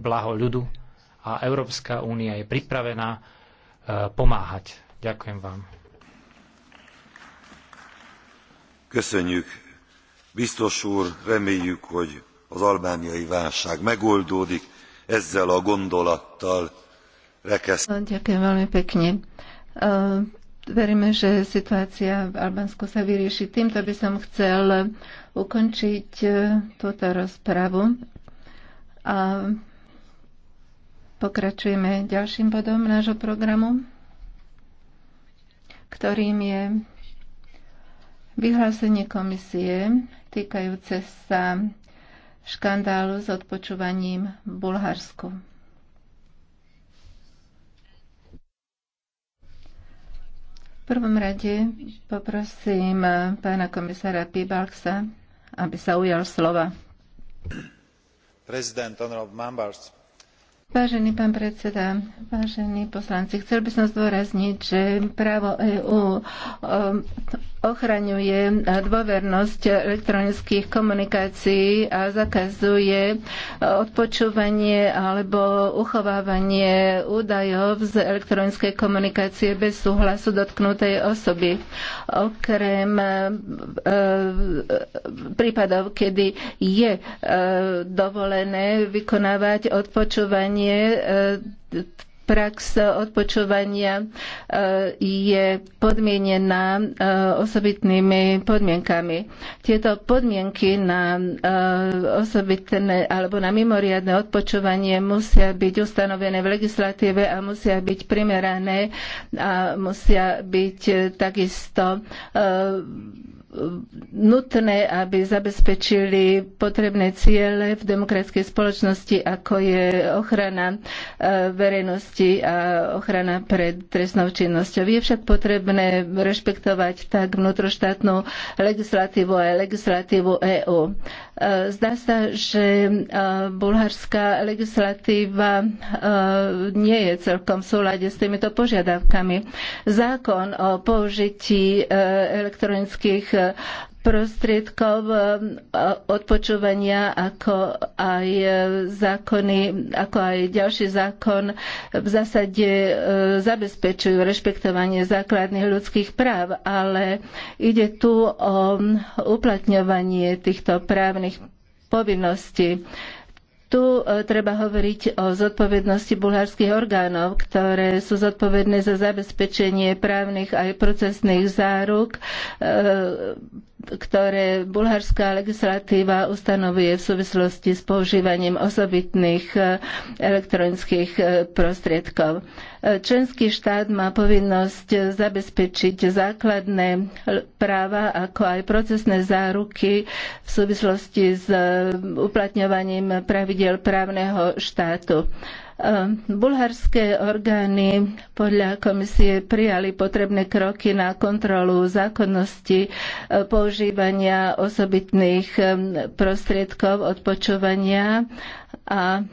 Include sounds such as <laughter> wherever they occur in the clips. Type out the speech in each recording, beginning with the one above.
blaho ľudu a Európska únia je pripravená e, pomáhať. Ďakujem vám. Köszönjük. Biztos úr, reméljük, hogy az albániai válság megoldódik, ezzel a gondolattal rekeszt. Ďakujem veľmi pekne. Veríme, že situácia v Albánsku sa vyrieši. Týmto by som chcel ukončiť e, túto rozpravu. A Pokračujeme ďalším bodom nášho programu, ktorým je vyhlásenie komisie týkajúce sa škandálu s odpočúvaním v Bulharsku. V prvom rade poprosím pána komisára Pibalksa, aby sa ujal slova. President, honorable members, Vážený pán predseda, vážení poslanci, chcel by som zdôrazniť, že právo EÚ ochraňuje e, dôvernosť elektronických komunikácií a zakazuje e, odpočúvanie alebo uchovávanie údajov z elektronickej komunikácie bez súhlasu dotknutej osoby. Okrem e, prípadov, kedy je dovolené vykonávať odpočúvanie prax odpočúvania e, je podmienená e, osobitnými podmienkami. Tieto podmienky na e, osobitné alebo na mimoriadne odpočúvanie musia byť ustanovené v legislatíve a musia byť primerané a musia byť takisto nutné, aby zabezpečili potrebné ciele v demokratickej spoločnosti, ako je ochrana e, verejnosti a ochrana pred trestnou činnosťou. Je však potrebné rešpektovať tak vnútroštátnu legislatívu aj legislatívu EÚ. E, zdá sa, že e, bulharská legislatíva e, nie je celkom v súlade s týmito požiadavkami. Zákon o použití elektronických prostriedkov eh, odpočúvania, ako aj eh, zákony, ako aj ďalší zákon v zásade eh, zabezpečujú rešpektovanie základných ľudských práv, ale ide tu o hm, uplatňovanie týchto právnych povinností. Tu treba hovoriť o zodpovednosti bulharských orgánov, ktoré sú zodpovedné za zabezpečenie právnych aj procesných záruk ktoré bulharská legislatíva ustanovuje v súvislosti s používaním osobitných e, elektronických e, prostriedkov. E, členský štát má povinnosť zabezpečiť základné práva, ako aj procesné záruky v súvislosti s uplatňovaním pravidel právneho štátu. Ehm, bulharské orgány podľa komisie prijali potrebné kroky na kontrolu zákonnosti e, používania osobitných ehm, prostriedkov odpočúvania a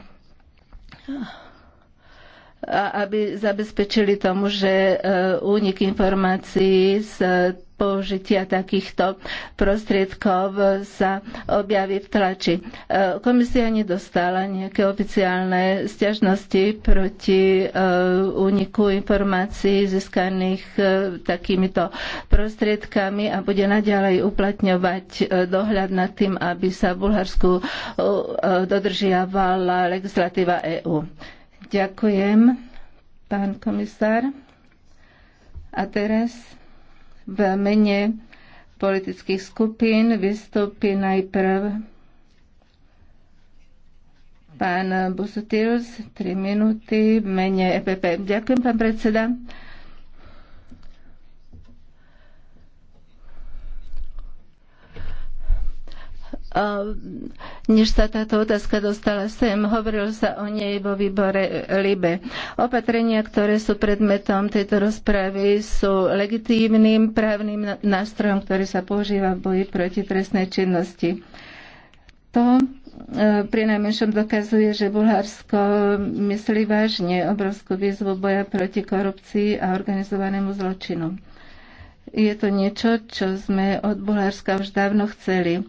aby zabezpečili tomu, že eh, únik informácií z použitia takýchto prostriedkov sa objaví v tlači. Eh, komisia nedostala nejaké oficiálne stiažnosti proti eh, úniku informácií získaných takýmito prostriedkami a bude naďalej uplatňovať dohľad nad tým, aby sa v Bulharsku dodržiavala legislatíva EÚ. Ďakujem, pán komisár. A teraz v mene politických skupín vystúpi najprv pán Busutius, 3 minúty, v mene EPP. Ďakujem, pán predseda. než sa táto otázka dostala sem, hovorilo sa o nej vo výbore LIBE. Opatrenia, ktoré sú predmetom tejto rozpravy, sú legitímnym právnym nástrojom, ktorý sa používa v boji proti trestnej činnosti. To e, pri najmenšom dokazuje, že Bulharsko myslí vážne obrovskú výzvu boja proti korupcii a organizovanému zločinu. Je to niečo, čo sme od Bulharska už dávno chceli.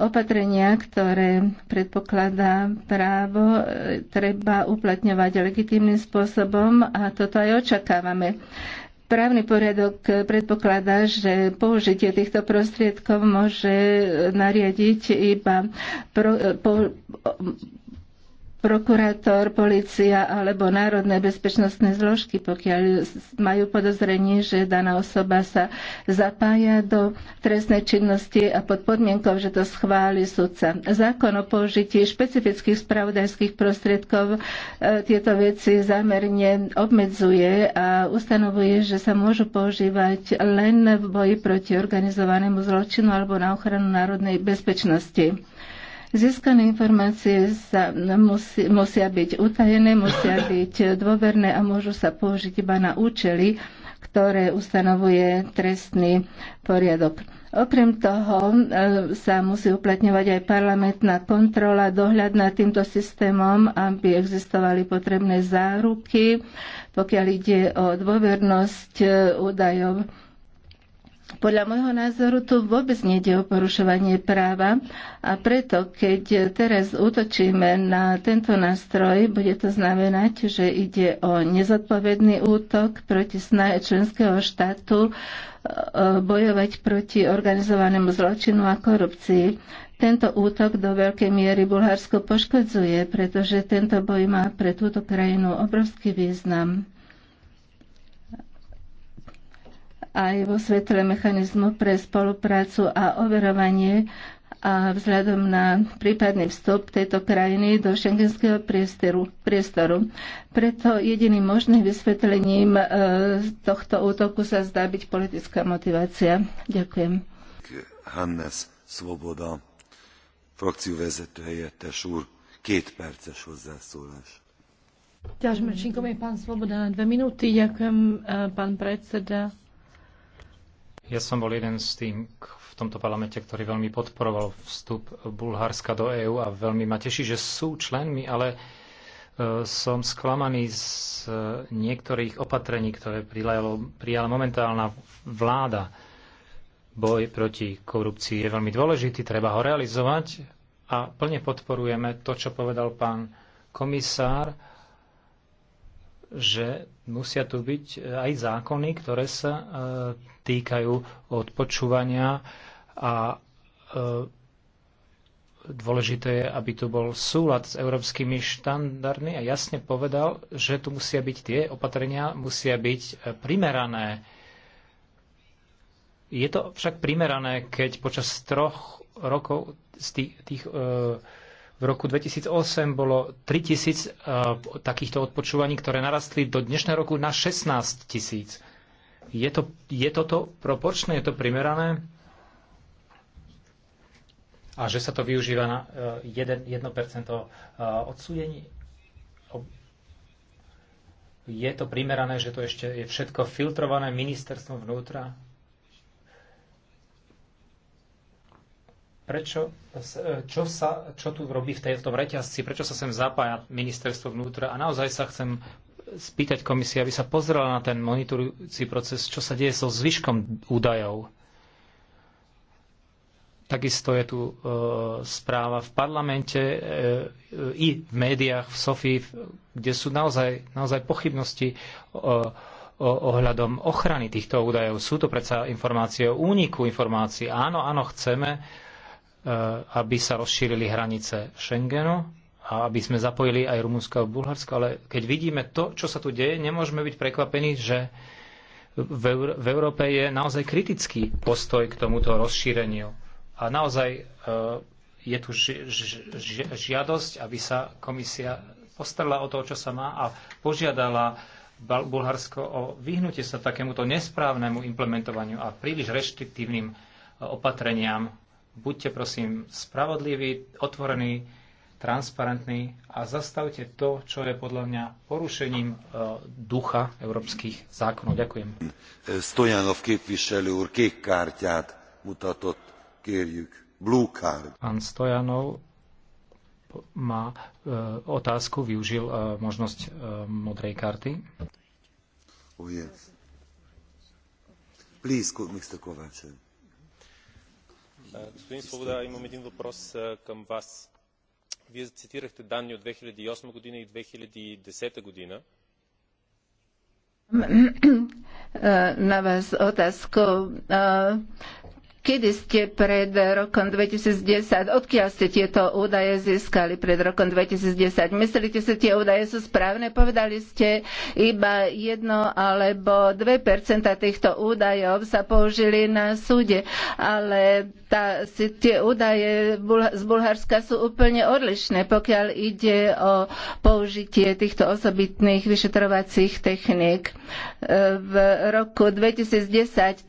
Opatrenia, ktoré predpokladá právo, e, treba uplatňovať legitímnym spôsobom a toto aj očakávame. Právny poriadok predpokladá, že použitie týchto prostriedkov môže nariadiť iba pro, e, po, prokurátor, policia alebo národné bezpečnostné zložky, pokiaľ majú podozrenie, že daná osoba sa zapája do trestnej činnosti a pod podmienkou, že to schváli sudca. Zákon o použití špecifických spravodajských prostriedkov e, tieto veci zámerne obmedzuje a ustanovuje, že sa môžu používať len v boji proti organizovanému zločinu alebo na ochranu národnej bezpečnosti. Získané informácie sa musí, musia byť utajené, musia <coughs> byť dôverné a môžu sa použiť iba na účely, ktoré ustanovuje trestný poriadok. Okrem toho e, sa musí uplatňovať aj parlamentná kontrola, dohľad nad týmto systémom, aby existovali potrebné záruky, pokiaľ ide o dôvernosť e, údajov podľa môjho názoru tu vôbec nejde o porušovanie práva a preto, keď teraz útočíme na tento nástroj, bude to znamenať, že ide o nezodpovedný útok proti snahe členského štátu e, bojovať proti organizovanému zločinu a korupcii. Tento útok do veľkej miery Bulharsko poškodzuje, pretože tento boj má pre túto krajinu obrovský význam. aj vo svetle mechanizmu pre spoluprácu a overovanie a vzhľadom na prípadný vstup tejto krajiny do šengenského priestoru. priestoru. Preto jediným možným vysvetlením e, tohto útoku sa zdá byť politická motivácia. Ďakujem. Hannes Svoboda, frakciu frakcióvezető helyettes úr, két perces hozzászólás. Ďakujem, pán Svoboda na dve minúty. Ďakujem, e, pán predseda. Ja som bol jeden z tým v tomto parlamente, ktorý veľmi podporoval vstup Bulharska do EÚ a veľmi ma teší, že sú členmi, ale e, som sklamaný z e, niektorých opatrení, ktoré prijala momentálna vláda. Boj proti korupcii je veľmi dôležitý, treba ho realizovať a plne podporujeme to, čo povedal pán komisár že musia tu byť e, aj zákony, ktoré sa e, týkajú odpočúvania a e, dôležité je, aby tu bol súlad s európskymi štandardmi a jasne povedal, že tu musia byť tie opatrenia, musia byť primerané. Je to však primerané, keď počas troch rokov z tých, tých e, v roku 2008 bolo 3000 e, takýchto odpočúvaní, ktoré narastli do dnešného roku na 16 tisíc. Je, to, je toto proporčné, je to primerané? A že sa to využíva na 1, e, 1% e, odsúdení? Je to primerané, že to ešte je všetko filtrované ministerstvom vnútra? prečo, e, čo, sa, čo tu robí v, tej, v tom reťazci, prečo sa sem zapája ministerstvo vnútra a naozaj sa chcem spýtať komisie, aby sa pozrela na ten monitorujúci proces, čo sa deje so zvyškom údajov. Takisto je tu e, správa v parlamente e, e, i v médiách, v Sofii, kde sú naozaj, naozaj pochybnosti o, o, ohľadom ochrany týchto údajov. Sú to predsa informácie o úniku informácií. Áno, áno, chceme Eh, aby sa rozšírili hranice Schengenu a aby sme zapojili aj Rumunsko a Bulharsko, ale keď vidíme to, čo sa tu deje, nemôžeme byť prekvapení, že v, v Európe je naozaj kritický postoj k tomuto rozšíreniu. A naozaj eh, je tu žiadosť, aby sa komisia postarala o to, čo sa má a požiadala Bulharsko o vyhnutie sa takémuto nesprávnemu implementovaniu a príliš reštriktívnym eh, opatreniam Buďte prosím spravodliví, otvorení, transparentní a zastavte to, čo je podľa mňa porušením e, ducha európskych zákonov. Ďakujem. Stojanov képviselő úr kék kártyát mutatott, kérjük. Blue card. Pán Stojanov má e, otázku, využil e, možnosť modrej karty. Oh yes. Please, Mr. Kováčev господин Свобода, имам един въпрос към вас. Вие цитирахте данни от 2008 година и 2010 година. На Вас отеско Kedy ste pred rokom 2010, odkiaľ ste tieto údaje získali pred rokom 2010? Myslíte si, tie údaje sú správne? Povedali ste, iba jedno alebo 2% týchto údajov sa použili na súde, ale tá, si, tie údaje z Bulharska sú úplne odlišné, pokiaľ ide o použitie týchto osobitných vyšetrovacích techník v roku 2010 30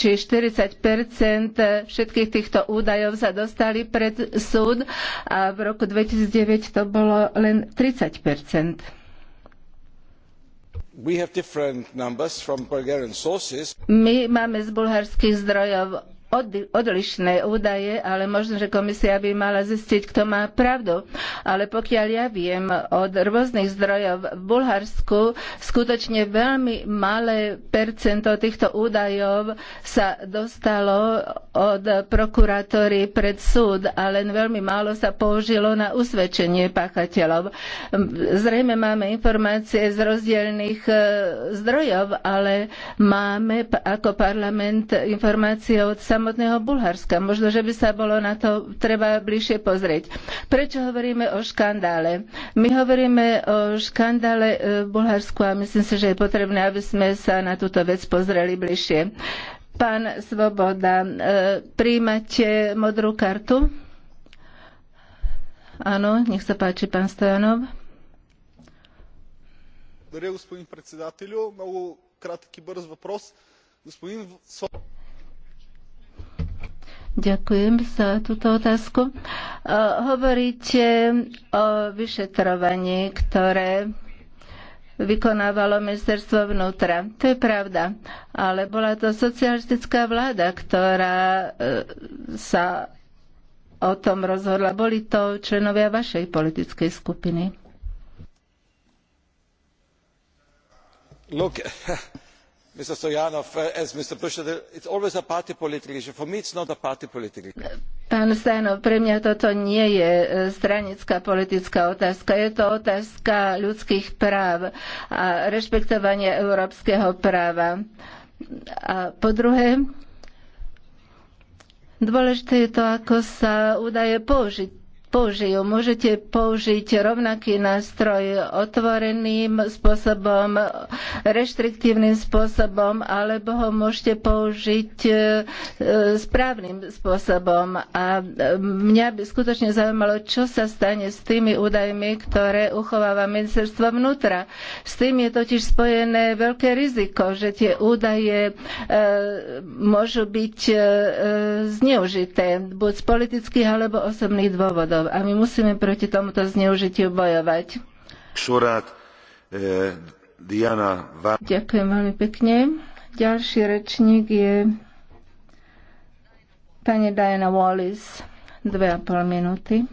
či 40 všetkých týchto údajov sa dostali pred súd a v roku 2009 to bolo len 30 my máme z bulharských zdrojov odlišné údaje, ale možno, že komisia by mala zistiť, kto má pravdu. Ale pokiaľ ja viem od rôznych zdrojov v Bulharsku, skutočne veľmi malé percento týchto údajov sa dostalo od prokurátory pred súd a len veľmi málo sa použilo na usvedčenie páchateľov. Zrejme máme informácie z rozdielných e, zdrojov, ale máme ako parlament informácie od samotného samotného Bulharska. Možno, že by sa bolo na to treba bližšie pozrieť. Prečo hovoríme o škandále? My hovoríme o škandále e, v Bulharsku a myslím si, že je potrebné, aby sme sa na túto vec pozreli bližšie. Pán Svoboda, e, príjmate modrú kartu? Áno, nech sa páči, pán Stojanov. Благодаря, господин председателю. Много кратък и бърз въпрос. Svoboda, Ďakujem za túto otázku. E, hovoríte o vyšetrovaní, ktoré vykonávalo ministerstvo vnútra. To je pravda. Ale bola to socialistická vláda, ktorá e, sa o tom rozhodla. Boli to členovia vašej politickej skupiny. Look, <laughs> mr stoyanov eh, as mr busuttil it is always a party political issue. for me it is not a party political issue. Pán Stanov, pre mňa toto nie je eh, stranická politická otázka. Je to otázka ľudských práv a rešpektovania európskeho práva. A po druhé, dôležité je to, ako sa údaje použiť, použijú. Môžete použiť rovnaký nástroj otvoreným spôsobom, reštriktívnym spôsobom, alebo ho môžete použiť e, správnym spôsobom. A e, mňa by skutočne zaujímalo, čo sa stane s tými údajmi, ktoré uchováva ministerstvo vnútra. S tým je totiž spojené veľké riziko, že tie údaje e, môžu byť zneužité buď z politických alebo osobných dôvodov štátov a my musíme proti tomuto zneužitiu bojovať. Šurát, e, Diana Va... Ďakujem veľmi pekne. Ďalší rečník je pani Diana Wallis. Dve a pol minúty.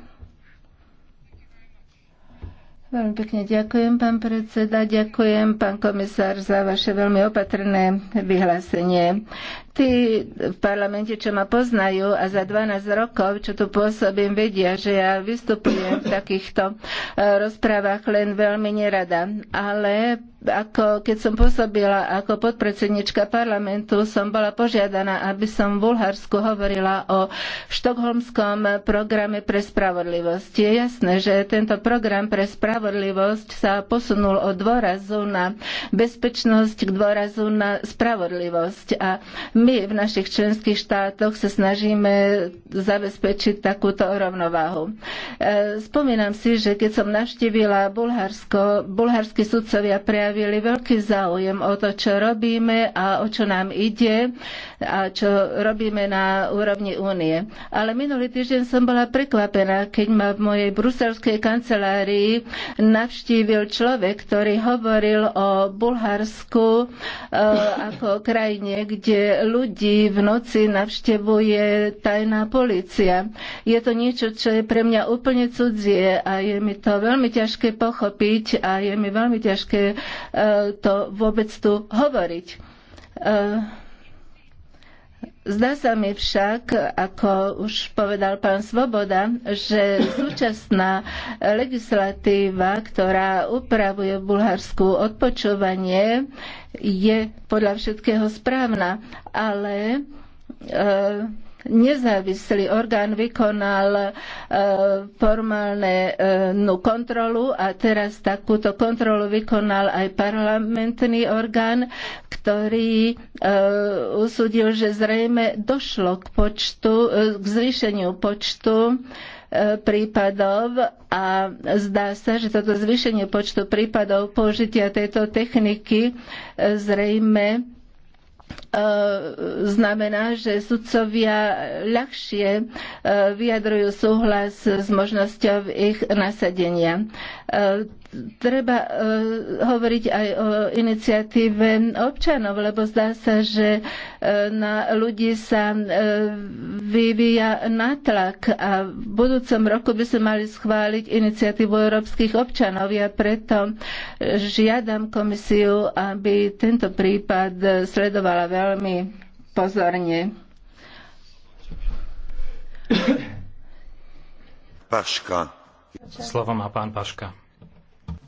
Veľmi pekne ďakujem, pán predseda, ďakujem, pán komisár, za vaše veľmi opatrné vyhlásenie. Tí v parlamente, čo ma poznajú a za 12 rokov, čo tu pôsobím, vedia, že ja vystupujem v takýchto eh, rozprávach len veľmi nerada. Ale ako, keď som pôsobila ako podpredsednička parlamentu, som bola požiadaná, aby som v Bulharsku hovorila o štokholmskom programe pre spravodlivosť. Je jasné, že tento program pre spravodlivosť sa posunul od dôrazu na bezpečnosť k dôrazu na spravodlivosť. A my v našich členských štátoch sa snažíme zabezpečiť takúto rovnováhu. E, spomínam si, že keď som navštívila Bulharsko, bulharskí sudcovia pre prejavili veľký záujem o to, čo robíme a o čo nám ide a čo robíme na úrovni únie. Ale minulý týždeň som bola prekvapená, keď ma v mojej bruselskej kancelárii navštívil človek, ktorý hovoril o Bulharsku e, ako krajine, kde ľudí v noci navštevuje tajná policia. Je to niečo, čo je pre mňa úplne cudzie a je mi to veľmi ťažké pochopiť a je mi veľmi ťažké Eh, to vôbec tu hovoriť. Eh, zdá sa mi však, ako už povedal pán Svoboda, že súčasná legislatíva, ktorá upravuje v Bulharsku odpočúvanie, je podľa všetkého správna, ale e, nezávislý orgán vykonal e, formálnu e, kontrolu a teraz takúto kontrolu vykonal aj parlamentný orgán, ktorý e, usúdil, že zrejme došlo k počtu, k zvýšeniu počtu prípadov a zdá sa, že toto zvýšenie počtu prípadov použitia tejto techniky zrejme E, znamená, že sudcovia ľahšie e, vyjadrujú súhlas s možnosťou ich nasadenia. E, treba uh, hovoriť aj o iniciatíve občanov, lebo zdá sa, že uh, na ľudí sa uh, vyvíja natlak a v budúcom roku by sme mali schváliť iniciatívu európskych občanov. Ja preto žiadam komisiu, aby tento prípad sledovala veľmi pozorne. Paška. Slovo má pán Paška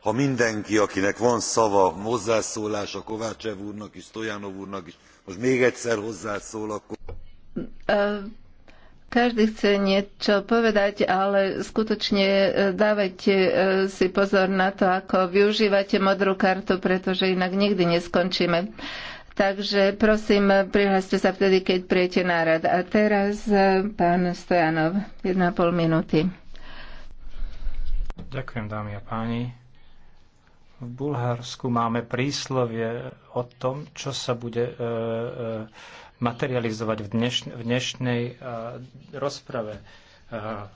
ha mindenki akinek van szava hozzászólása kovácsev úrnak is stoyanov úrnak is most még egyszer hozzászól akkor. Každý chce niečo povedať, ale skutočne e, dávajte e, si pozor na to, ako využívate modrú kartu, pretože inak nikdy neskončíme. Takže prosím, prihláste sa vtedy, keď prijete nárad. A teraz e, pán Stojanov, 1,5 minúty. Ďakujem, dámy a páni. V Bulharsku máme príslovie o tom, čo sa bude e, e, materializovať v, v dnešnej e, rozprave.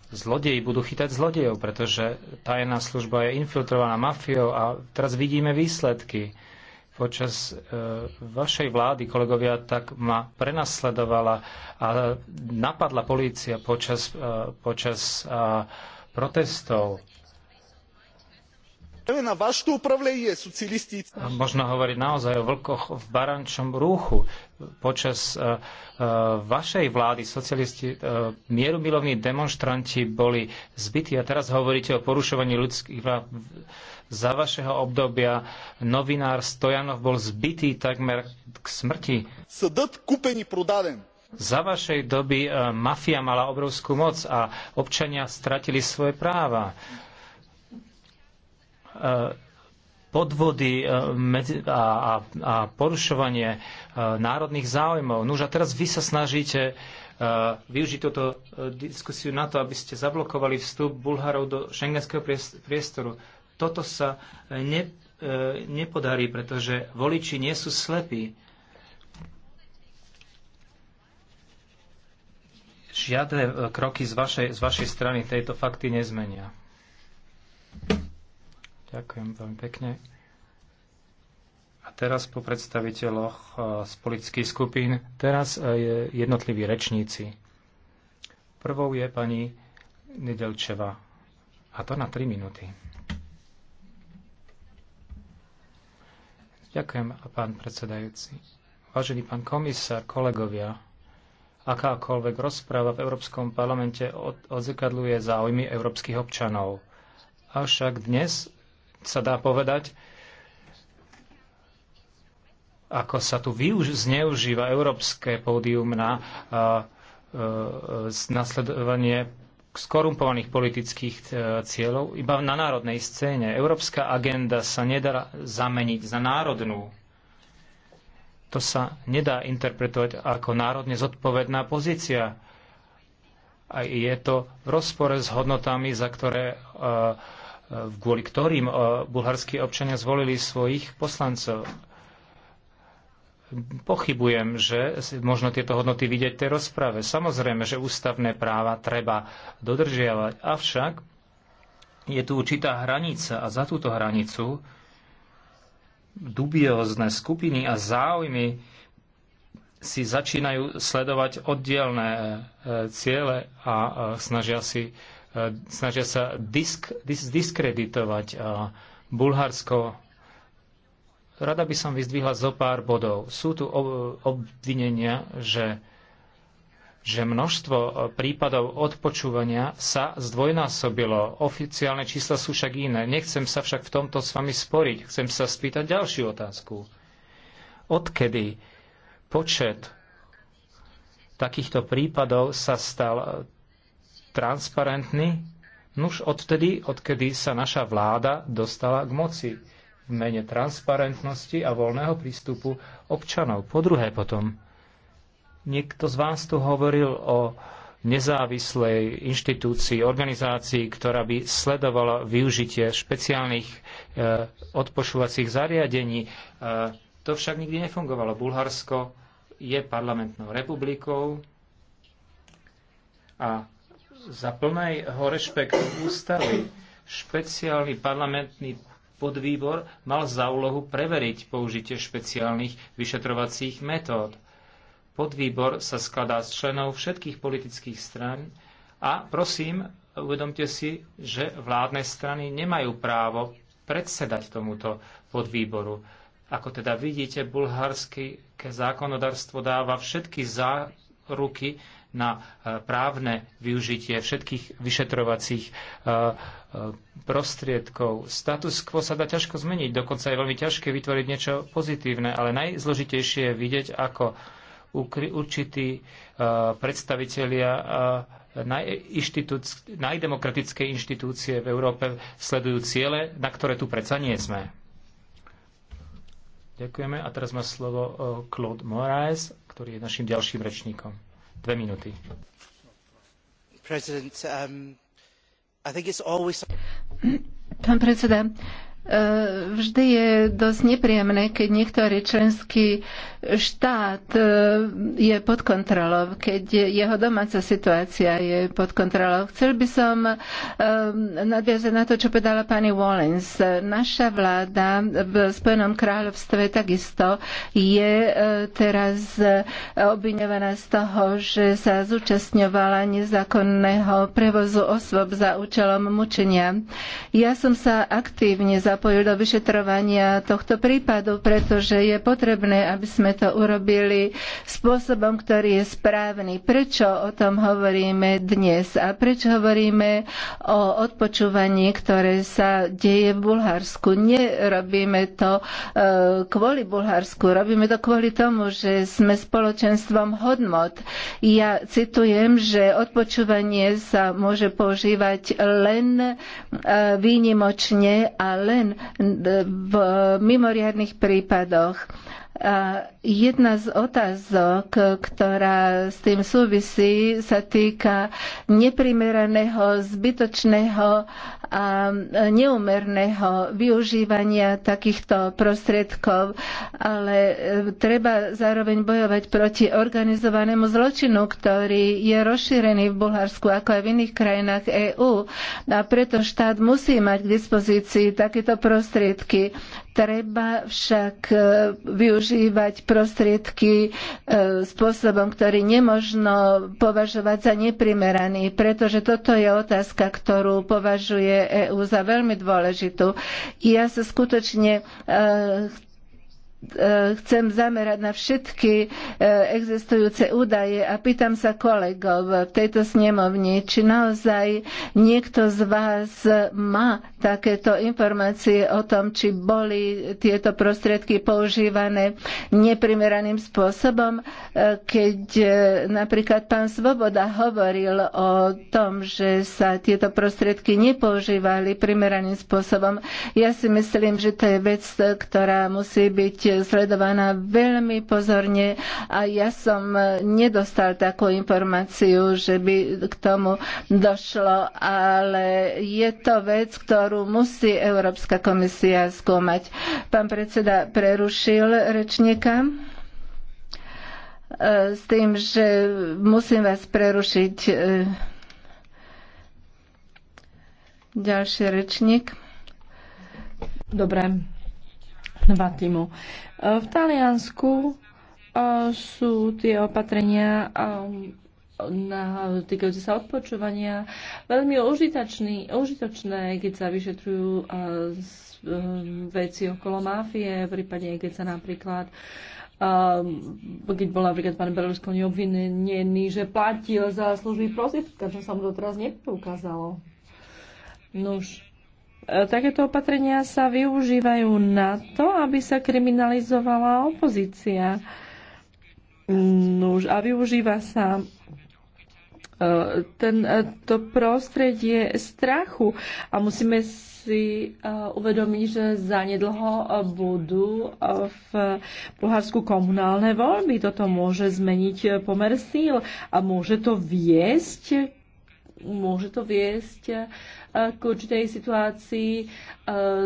Zlodeji budú chytať zlodejov, pretože tajná služba je infiltrovaná mafiou a teraz vidíme výsledky počas vašej vlády, kolegovia, tak ma prenasledovala a napadla polícia počas, počas protestov. Možno hovoriť naozaj o vlkoch v barančom rúchu. Počas uh, uh, vašej vlády socialisti uh, mierumilovní demonstranti boli zbytí a teraz hovoríte o porušovaní ľudských práv. Za vašeho obdobia novinár Stojanov bol zbytý takmer k smrti. Sdot kúpení prodaden. Za vašej doby mafia mala obrovskú moc a občania stratili svoje práva E, podvody e, a, porušovanie e, národných záujmov. Nuž a teraz vy sa snažíte využiť túto diskusiu na to, aby ste zablokovali vstup Bulharov do šengenského priestoru. Toto sa ne, nepodarí, pretože voliči nie sú slepí. Žiadne kroky z vašej, z vašej strany tejto fakty nezmenia. Ďakujem veľmi pekne. A teraz po predstaviteľoch e, z politických skupín, teraz e, je jednotliví rečníci. Prvou je pani Nedelčeva. A to na 3 minúty. Ďakujem, pán predsedajúci. Vážený pán komisár, kolegovia, akákoľvek rozpráva v Európskom parlamente odzrkadľuje záujmy európskych občanov. Avšak dnes sa dá povedať, ako sa tu využ- zneužíva európske pódium na nasledovanie skorumpovaných politických e, cieľov iba na národnej scéne. Európska agenda sa nedá zameniť za národnú. To sa nedá interpretovať ako národne zodpovedná pozícia. A je to v rozpore s hodnotami, za ktoré uh, kvôli ktorým e, bulharskí občania zvolili svojich poslancov. Pochybujem, že možno tieto hodnoty vidieť v tej rozprave. Samozrejme, že ústavné práva treba dodržiavať, avšak je tu určitá hranica a za túto hranicu dubiozne skupiny a záujmy si začínajú sledovať oddielne e, e, ciele a snažia si Eh, snažia sa disk, dis, diskreditovať eh, Bulharsko. Rada by som vyzdvihla zo pár bodov. Sú tu obvinenia, že že množstvo eh, prípadov odpočúvania sa zdvojnásobilo. Oficiálne čísla sú však iné. Nechcem sa však v tomto s vami sporiť. Chcem sa spýtať ďalšiu otázku. Odkedy počet takýchto prípadov sa stal transparentný, nuž odtedy, odkedy sa naša vláda dostala k moci v mene transparentnosti a voľného prístupu občanov. Po druhé potom, niekto z vás tu hovoril o nezávislej inštitúcii, organizácii, ktorá by sledovala využitie špeciálnych e, odpočúvacích zariadení. E, to však nikdy nefungovalo. Bulharsko je parlamentnou republikou a za plného rešpektu ústavy špeciálny parlamentný podvýbor mal za úlohu preveriť použitie špeciálnych vyšetrovacích metód. Podvýbor sa skladá z členov všetkých politických stran a prosím, uvedomte si, že vládne strany nemajú právo predsedať tomuto podvýboru. Ako teda vidíte, bulharské zákonodarstvo dáva všetky záruky na e, právne využitie všetkých vyšetrovacích e, e, prostriedkov. Status quo sa dá ťažko zmeniť, dokonca je veľmi ťažké vytvoriť niečo pozitívne, ale najzložitejšie je vidieť, ako určití predstavitelia najdemokratické inštitúcie v Európe sledujú ciele, na ktoré tu predsa nie sme. Ďakujeme. A teraz má slovo Claude Moraes, ktorý je našim ďalším rečníkom. Dve minúty. Um, Pán predseda, E, vždy je dosť nepríjemné, keď niektorý členský štát e, je pod kontrolou, keď jeho domáca situácia je pod kontrolou. Chcel by som e, nadviazať na to, čo povedala pani Wallens. Naša vláda v Spojenom kráľovstve takisto je teraz obviňovaná z toho, že sa zúčastňovala nezákonného prevozu osôb za účelom mučenia. Ja som sa aktívne za zapojil do vyšetrovania tohto prípadu, pretože je potrebné, aby sme to urobili spôsobom, ktorý je správny. Prečo o tom hovoríme dnes a prečo hovoríme o odpočúvaní, ktoré sa deje v Bulharsku? Nerobíme to e, kvôli Bulharsku, robíme to kvôli tomu, že sme spoločenstvom hodnot ja citujem, že odpočúvanie sa môže používať len e, výnimočne a len e, v mimoriadných prípadoch. Jedna z otázok, ktorá s tým súvisí, sa týka neprimeraného, zbytočného a neumerného využívania takýchto prostriedkov, ale e, treba zároveň bojovať proti organizovanému zločinu, ktorý je rozšírený v Bulharsku ako aj v iných krajinách EÚ. A preto štát musí mať k dispozícii takéto prostriedky. Treba však e, využiť používať prostriedky e, spôsobom, ktorý nemožno považovať za neprimeraný, pretože toto je otázka, ktorú považuje EÚ za veľmi dôležitú. Ja sa skutočne e, E, chcem zamerať na všetky e, existujúce údaje a pýtam sa kolegov v tejto snemovni, či naozaj niekto z vás má takéto informácie o tom, či boli tieto prostriedky používané neprimeraným spôsobom, e, keď napríklad pán Svoboda hovoril o tom, že sa tieto prostriedky nepoužívali primeraným spôsobom. Ja si myslím, že to je vec, ktorá musí byť sledovaná veľmi pozorne a ja som nedostal takú informáciu, že by k tomu došlo, ale je to vec, ktorú musí Európska komisia skúmať. Pán predseda prerušil rečníka e, s tým, že musím vás prerušiť e, ďalší rečník. Dobre, Vatimu. E, v Taliansku e, sú tie opatrenia e, na, týkajúce sa odpočúvania veľmi užitačný, užitočné, keď sa vyšetrujú veci okolo máfie, v prípade, keď sa napríklad keď bol napríklad pán Berlusconi obvinený, že platil za služby prostitútka, čo sa mu doteraz nepoukázalo. Nuž, E, takéto opatrenia sa využívajú na to, aby sa kriminalizovala opozícia. Nuž, a využíva sa e, ten, e, to prostredie strachu a musíme si uvedomiť, že zanedlho budú v Bulharsku komunálne voľby. Toto môže zmeniť pomer síl a môže to viesť môže to viesť eh, k určitej situácii eh,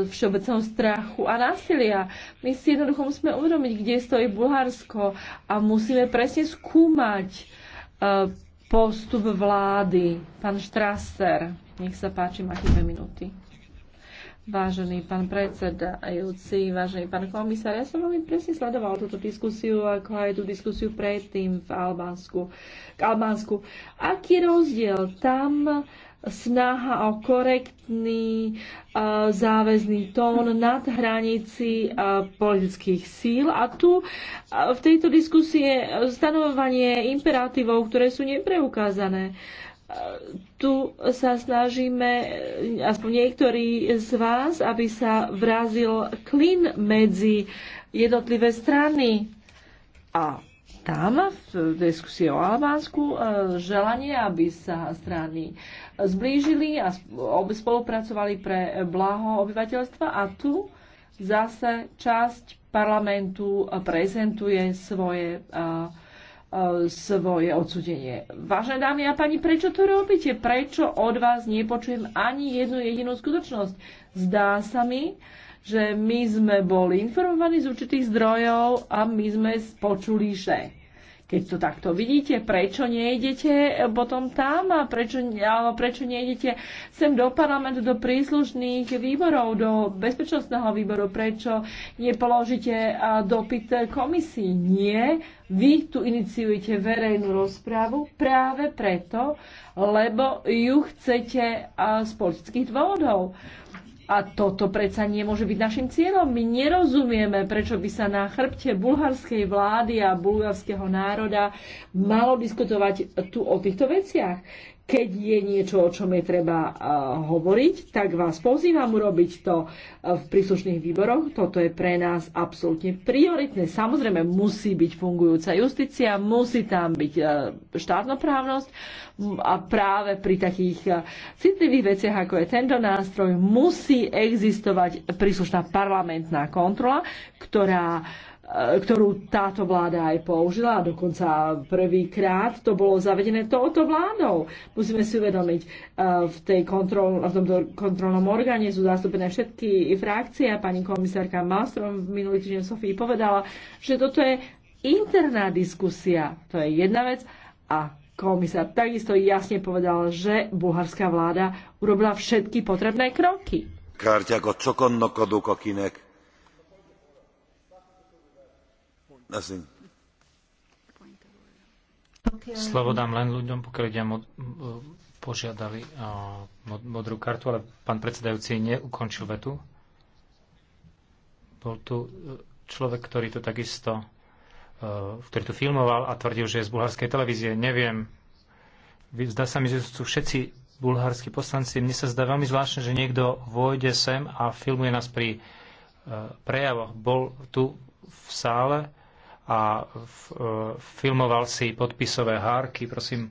všeobecného strachu a násilia. My si jednoducho musíme uvedomiť, kde stojí Bulharsko a musíme presne skúmať eh, postup vlády. Pán Štraser, nech sa páči, máte dve minúty. Vážený pán predsedajúci, vážený pán komisár, ja som veľmi presne sledoval túto diskusiu, ako aj tú diskusiu predtým v Albánsku. K Albánsku. Aký rozdiel? Tam snaha o korektný uh, záväzný tón nad hranici uh, politických síl a tu uh, v tejto diskusie stanovovanie imperatívov, ktoré sú nepreukázané. Uh, tu sa snažíme, aspoň niektorí z vás, aby sa vrazil klin medzi jednotlivé strany. A tam v diskusii o Albánsku e, želanie, aby sa strany zblížili a spolupracovali pre blaho obyvateľstva a tu zase časť parlamentu prezentuje svoje uh, E, svoje odsudenie. Vážené dámy a páni, prečo to robíte? Prečo od vás nepočujem ani jednu jedinú skutočnosť? Zdá sa mi, že my sme boli informovaní z určitých zdrojov a my sme počuli, že keď to takto vidíte, prečo nejdete potom tam a prečo, alebo prečo nejdete sem do parlamentu, do príslušných výborov, do bezpečnostného výboru, prečo nepoložíte dopyt komisii? Nie, vy tu iniciujete verejnú rozprávu práve preto, lebo ju chcete z politických dôvodov. A toto predsa nemôže byť našim cieľom. My nerozumieme, prečo by sa na chrbte bulharskej vlády a bulharského národa malo diskutovať tu o týchto veciach keď je niečo, o čom je treba eh, hovoriť, tak vás pozývam urobiť to eh, v príslušných výboroch. Toto je pre nás absolútne prioritné. Samozrejme, musí byť fungujúca justícia, musí tam byť eh, štátnoprávnosť a práve pri takých citlivých veciach, ako je tento nástroj, musí existovať príslušná parlamentná kontrola, ktorá E, ktorú táto vláda aj použila, a dokonca prvýkrát to bolo zavedené touto vládou. Musíme si uvedomiť, e, v, tej kontrol, v tomto kontrolnom orgáne sú zastúpené všetky frakcie a pani komisárka Malstrom v minulý týždeň Sofii povedala, že toto je interná diskusia, to je jedna vec a komisár takisto jasne povedal, že bulharská vláda urobila všetky potrebné kroky. Kárťako, čokonno kodu kokinek Slovo dám len ľuďom, pokiaľ ľudia mod, e, požiadali mod, modrú kartu, ale pán predsedajúci neukončil vetu. Bol tu e, človek, ktorý to takisto e, ktorý tu filmoval a tvrdil, že je z bulharskej televízie. Neviem. Zdá sa mi, že sú všetci bulharskí poslanci. Mne sa zdá veľmi zvláštne, že niekto vôjde sem a filmuje nás pri prejavoch. Bol tu v sále a e, filmoval si podpisové hárky. Prosím, e,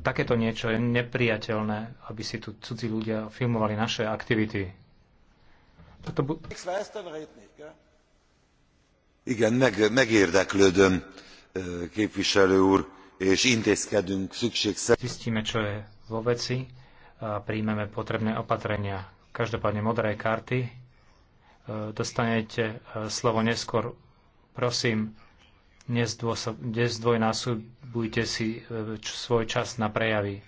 takéto niečo je nepriateľné, aby si tu cudzí ľudia filmovali naše aktivity. Toto bu- Igen, meg, megérdeklődöm, e, képviselő úr, és intézkedünk szükségszerűen. Zistíme, čo je vo veci a príjmeme potrebné opatrenia. Každopádne modré karty dostanete slovo neskôr Prosím, nezdvojnásobujte si e, svoj čas na prejavy.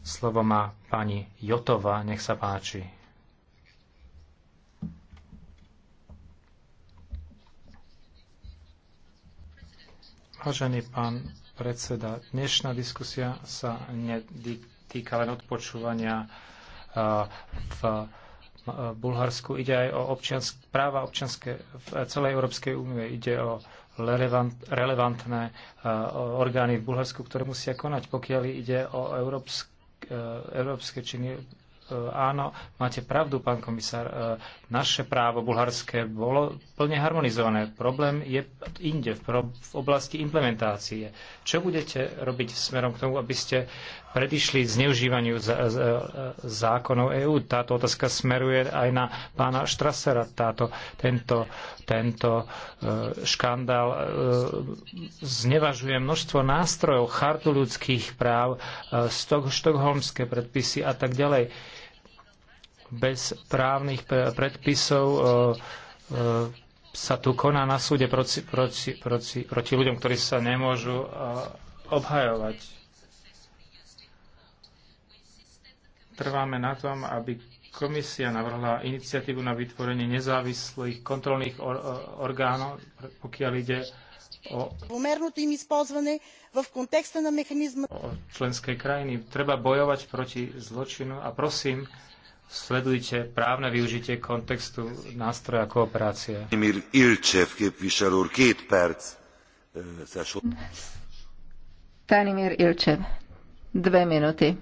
Slovo má pani Jotova, nech sa páči. Vážený pán predseda, dnešná diskusia sa netýka len odpočúvania e, v Bulharsku, ide aj o občiansk- práva občianske v celej Európskej únie, ide o relevant, relevantné e, orgány v Bulharsku, ktoré musia konať, pokiaľ ide o európske, európske činy E, áno, máte pravdu, pán komisár, e, naše právo bulharské bolo plne harmonizované. Problém je inde, v oblasti implementácie. Čo budete robiť smerom k tomu, aby ste predišli zneužívaniu e, zákonov EÚ? Táto otázka smeruje aj na pána Štrasera. Táto, tento, tento škandál znevažuje množstvo nástrojov, chartu ľudských práv, štokholmské predpisy a tak ďalej bez právnych predpisov e, e, sa tu koná na súde proti, proti, proti, proti ľuďom, ktorí sa nemôžu e, obhajovať. Trváme na tom, aby komisia navrhla iniciatívu na vytvorenie nezávislých kontrolných or, orgánov, pokiaľ ide o, o členskej krajiny. Treba bojovať proti zločinu a prosím, sledujte právne využitie kontextu nástroja kooperácie. Tanimir Ilčev, dve minúty.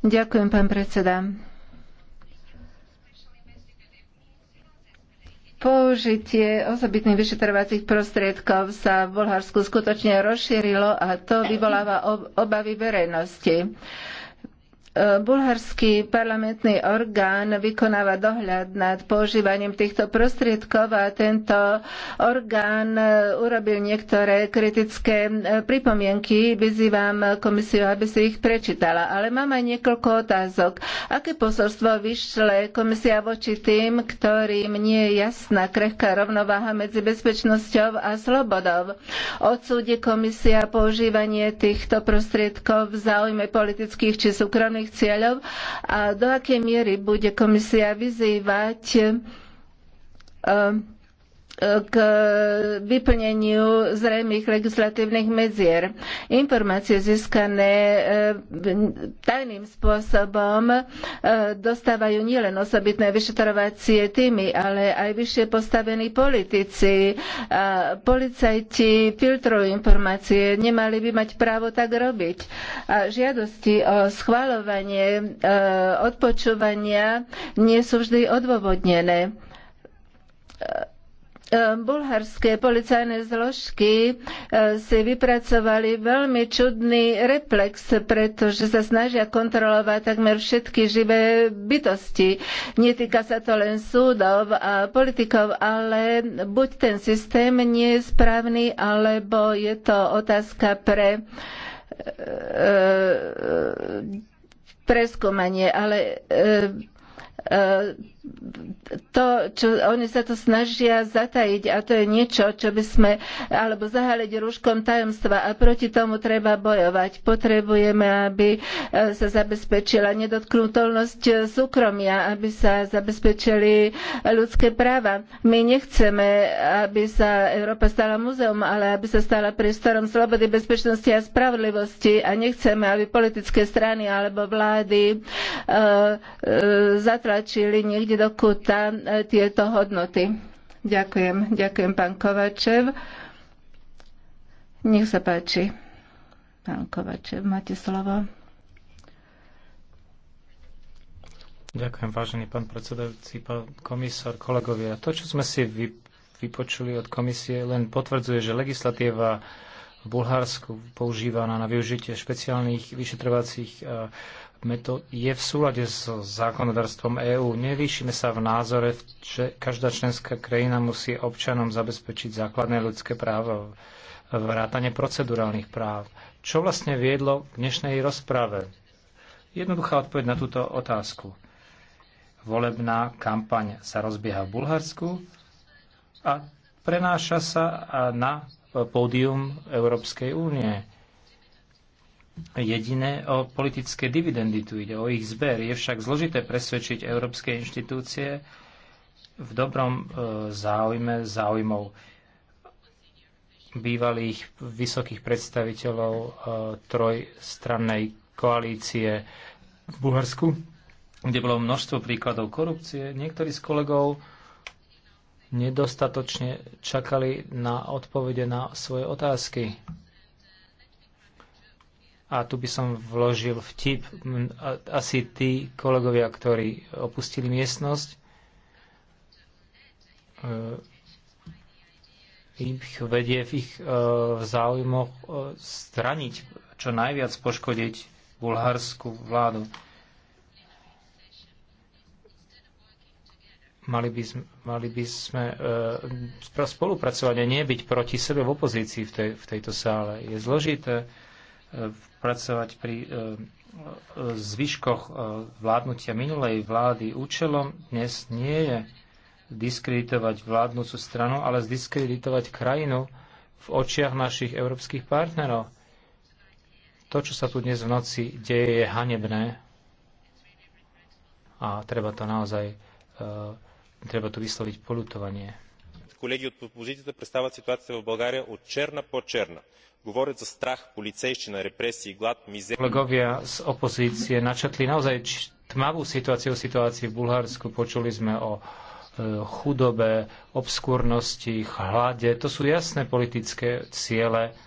Ďakujem, pán predseda. Použitie osobitných vyšetrovacích prostriedkov sa v Bulharsku skutočne rozšírilo a to vyvoláva obavy verejnosti. E, bulharský parlamentný orgán vykonáva dohľad nad používaním týchto prostriedkov a tento orgán e, urobil niektoré kritické e, pripomienky. Vyzývam komisiu, aby si ich prečítala. Ale mám aj niekoľko otázok. Aké posolstvo vyšle komisia voči tým, ktorým nie je jasná krehká rovnováha medzi bezpečnosťou a slobodou? Odsúdi komisia používanie týchto prostriedkov v záujme politických či súkromných sociálnych cieľov a do akej miery bude komisia vyzývať eh, k vyplneniu zrejmých legislatívnych medzier. Informácie získané e, tajným spôsobom e, dostávajú nielen osobitné vyšetrovacie týmy, ale aj vyššie postavení politici. policajti filtrujú informácie, nemali by mať právo tak robiť. A žiadosti o schváľovanie e, odpočúvania nie sú vždy odôvodnené Ehm, bulharské policajné zložky ehm, si vypracovali veľmi čudný reflex, pretože sa snažia kontrolovať takmer všetky živé bytosti. Netýka sa to len súdov a politikov, ale buď ten systém nie je správny, alebo je to otázka pre ehm, preskúmanie, ale to, čo oni sa to snažia zatajiť a to je niečo, čo by sme, alebo zahaliť rúškom tajomstva a proti tomu treba bojovať. Potrebujeme, aby e, sa zabezpečila nedotknutelnosť e, súkromia, aby sa zabezpečili e, ľudské práva. My nechceme, aby sa Európa stala muzeum, ale aby sa stala priestorom slobody, bezpečnosti a spravodlivosti a nechceme, aby politické strany alebo vlády zatlačili niekde do kúta e, tieto hodnoty. Ďakujem. Ďakujem, pán Kovačev. Nech sa páči. Pán Kovačev, máte slovo. Ďakujem, vážený pán predsedajúci, pán komisár, kolegovia. To, čo sme si vypočuli od komisie, len potvrdzuje, že legislatíva v Bulharsku používaná na využitie špeciálnych vyšetrovacích e, metód je v súlade so zákonodárstvom EÚ. Nevýšime sa v názore, že každá členská krajina musí občanom zabezpečiť základné ľudské práva, vrátane procedurálnych práv. Čo vlastne viedlo k dnešnej rozprave? Jednoduchá odpoveď na túto otázku. Volebná kampaň sa rozbieha v Bulharsku a prenáša sa na pódium Európskej únie. Jediné o politické dividendy tu ide, o ich zber. Je však zložité presvedčiť európske inštitúcie v dobrom e, záujme záujmov bývalých vysokých predstaviteľov e, trojstrannej koalície v Bulharsku, kde bolo množstvo príkladov korupcie. Niektorí z kolegov nedostatočne čakali na odpovede na svoje otázky. A tu by som vložil vtip. Asi tí kolegovia, ktorí opustili miestnosť, e, ich vedie v ich e, záujmoch straniť, e, čo najviac poškodiť bulharskú vládu. Mali by sme, mali by sme e, spolupracovať a nie byť proti sebe v opozícii v, tej, v tejto sále. Je zložité e, pracovať pri e, zvyškoch e, vládnutia minulej vlády. Účelom dnes nie je diskreditovať vládnúcu stranu, ale zdiskreditovať krajinu v očiach našich európskych partnerov. To, čo sa tu dnes v noci deje, je hanebné a treba to naozaj uh, treba tu vysloviť polutovanie. Колеги от опозицията представят ситуацията в България от черна по черна. Говорят за страх, полицейщина, репресии, глад, мизерия. Kolegovia z opozície načetli naozaj tmavú situáciu situácii v Bulharsku. Počuli sme o chudobe, obskúrnosti, hlade. To sú jasné politické ciele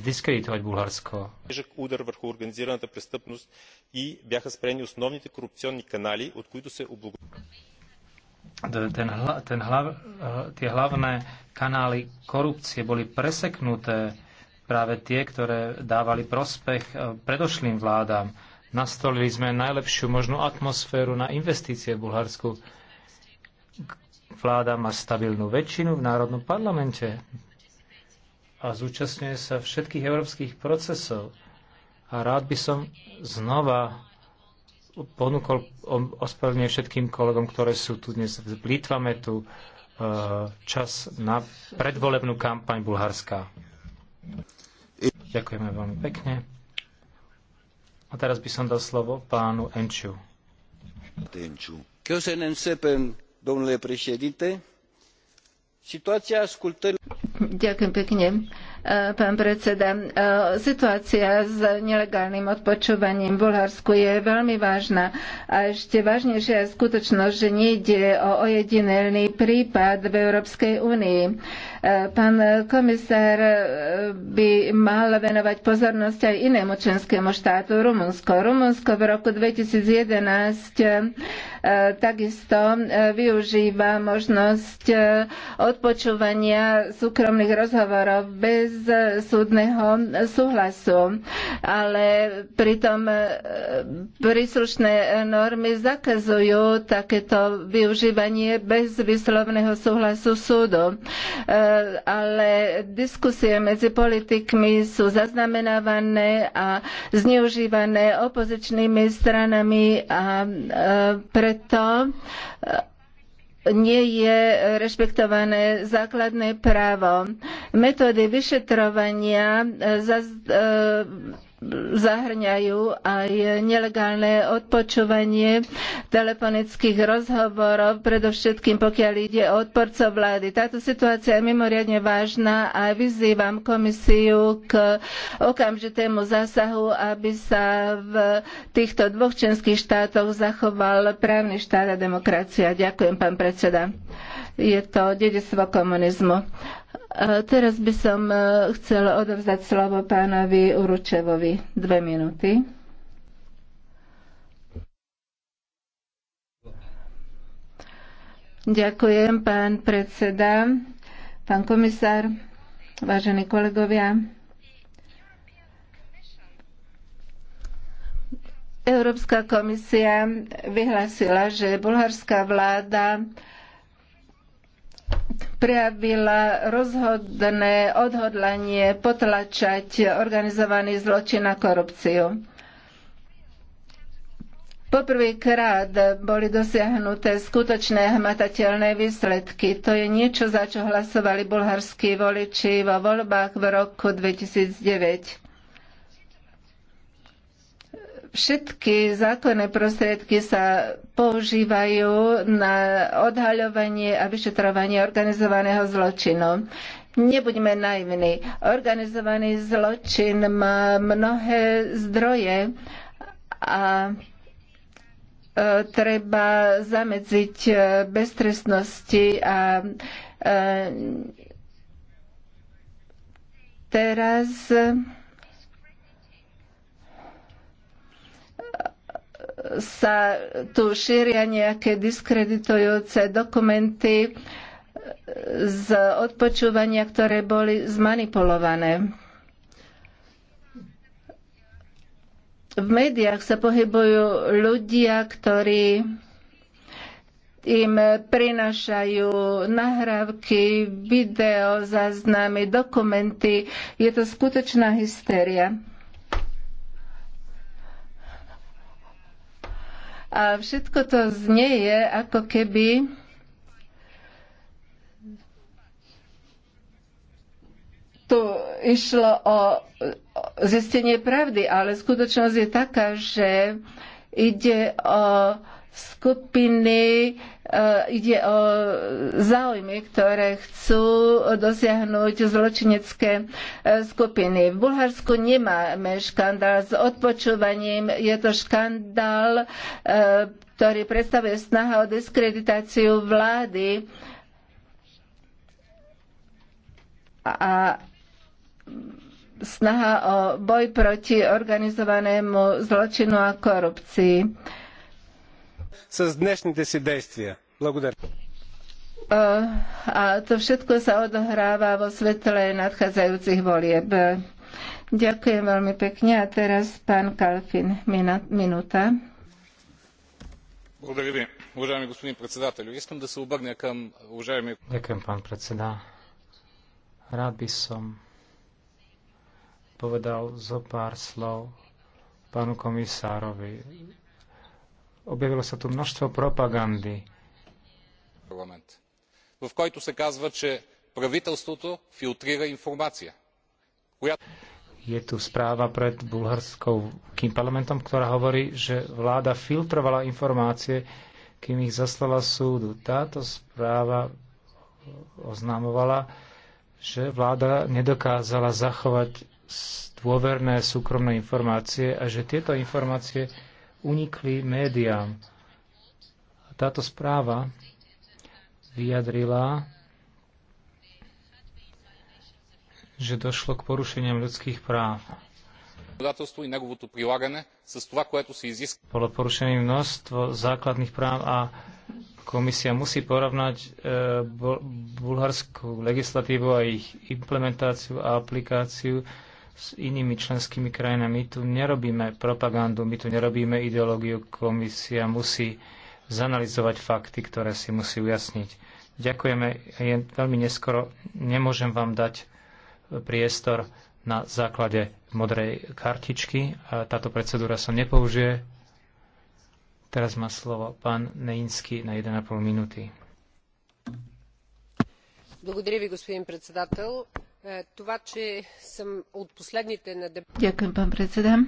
zdiskreditovať Bulharsko. Тежък удар върху организираната престъпност и бяха спрени основните корупционни канали, от които се облагодетелстват ten, ten hlav, e, tie hlavné kanály korupcie boli preseknuté práve tie, ktoré dávali prospech e, predošlým vládám. Nastolili sme najlepšiu možnú atmosféru na investície v Bulharsku. Vláda má stabilnú väčšinu v Národnom parlamente a zúčastňuje sa všetkých európskych procesov. A rád by som znova ponúkol ospravedlne všetkým kolegom, ktoré sú tu dnes. Plýtvame tu e, čas na predvolebnú kampaň bulharská. Ďakujeme veľmi pekne. A teraz by som dal slovo pánu Enču. Enču. Köszönöm szépen, domnule președinte. Situația ascultării... Ďakujem pekne Eh, pán predseda. Eh, situácia s nelegálnym odpočúvaním v Bulharsku je veľmi vážna a ešte vážnejšia je skutočnosť, že nejde o ojedinelný prípad v Európskej únii. Eh, pán komisár by mal venovať pozornosť aj inému členskému štátu, Rumunsko. Rumunsko v roku 2011 takisto využíva možnosť odpočúvania súkromných rozhovorov bez bez súdneho súhlasu. Ale pritom e, príslušné normy zakazujú takéto využívanie bez vyslovného súhlasu súdu. E, ale diskusie medzi politikmi sú zaznamenávané a zneužívané opozičnými stranami a e, preto nie je rešpektované základné právo. Metódy vyšetrovania zahrňajú aj nelegálne odpočúvanie telefonických rozhovorov, predovšetkým pokiaľ ide o odporcov vlády. Táto situácia je mimoriadne vážna a vyzývam komisiu k okamžitému zásahu, aby sa v týchto dvoch členských štátoch zachoval právny štát a demokracia. Ďakujem, pán predseda. Je to dedictvo komunizmu. Teraz by som e, chcel odovzdať slovo pánovi Uručevovi. Dve minúty. Ďakujem, pán predseda, pán komisár, vážení kolegovia. Európska komisia vyhlásila, že bulharská vláda prejavila rozhodné odhodlanie potlačať organizovaný zločin a korupciu. Poprvýkrát boli dosiahnuté skutočné hmatateľné výsledky. To je niečo, za čo hlasovali bulharskí voliči vo voľbách v roku 2009 všetky zákonné prostriedky sa používajú na odhaľovanie a vyšetrovanie organizovaného zločinu. Nebuďme naivní. Organizovaný zločin má mnohé zdroje a e, treba zamedziť e, beztrestnosti a e, teraz sa tu šíria nejaké diskreditujúce dokumenty z odpočúvania, ktoré boli zmanipulované. V médiách sa pohybujú ľudia, ktorí im prinašajú nahrávky, video, záznamy, dokumenty. Je to skutočná hystéria. A všetko to znieje, ako keby tu išlo o zistenie pravdy, ale skutočnosť je taká, že ide o skupiny, eh, ide o záujmy, ktoré chcú dosiahnuť zločinecké eh, skupiny. V Bulharsku nemáme škandál s odpočúvaním, je to škandál, eh, ktorý predstavuje snaha o diskreditáciu vlády a snaha o boj proti organizovanému zločinu a korupcii с днешните си действия. Благодаря. A to všetko sa odohráva vo svetle nadchádzajúcich volieb. Ďakujem veľmi pekne. A teraz pán Kalfin, minúta. Благодаря ви, уважаеми господин председателю. Искам да се обърна към уважаеми... Ďakujem, pán predseda. Rád by som povedal zo pár slov pánu komisárovi. Objavilo sa tu množstvo propagandy. Je tu správa pred bulharským parlamentom, ktorá hovorí, že vláda filtrovala informácie, kým ich zaslala súdu. Táto správa oznamovala, že vláda nedokázala zachovať dôverné súkromné informácie a že tieto informácie unikli médiám. Táto správa vyjadrila, že došlo k porušeniam ľudských práv. Bolo porušené množstvo základných práv a komisia musí porovnať e, bulharskú legislatívu a ich implementáciu a aplikáciu s inými členskými krajinami. My tu nerobíme propagandu, my tu nerobíme ideológiu. Komisia musí zanalizovať fakty, ktoré si musí ujasniť. Ďakujeme, je veľmi neskoro, nemôžem vám dať priestor na základe modrej kartičky. Táto procedúra sa nepoužije. Teraz má slovo pán Neinsky na 1,5 minúty. Благодаря ви, господин председател. Това, че съм от последните на Ďakujem, pán predseda.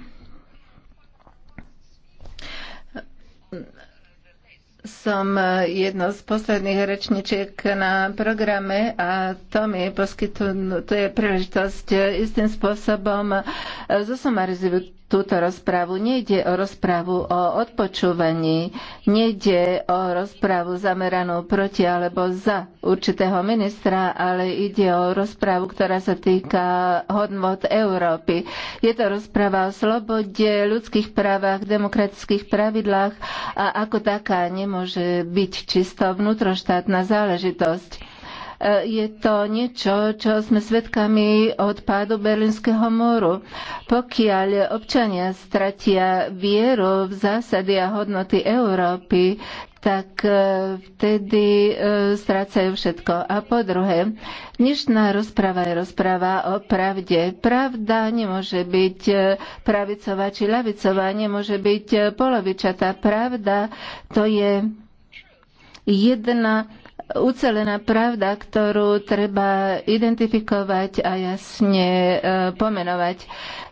Som jedno z posledných rečničiek na programe a to mi poskytuje príležitosť istým spôsobom zosumarizovať túto rozprávu. Nejde o rozprávu o odpočúvaní, nejde o rozprávu zameranú proti alebo za určitého ministra, ale ide o rozprávu, ktorá sa týka hodnot Európy. Je to rozpráva o slobode, ľudských právach, demokratických pravidlách a ako taká nemôže byť čisto vnútroštátna záležitosť. E, je to niečo, čo sme svedkami od pádu Berlínskeho moru. Pokiaľ občania stratia vieru v zásady a hodnoty Európy, tak e, vtedy e, strácajú všetko. A po druhé, dnešná rozpráva je rozpráva o pravde. Pravda nemôže byť pravicová či ľavicová, nemôže byť polovičatá. Pravda to je jedna ucelená pravda, ktorú treba identifikovať a jasne e, pomenovať.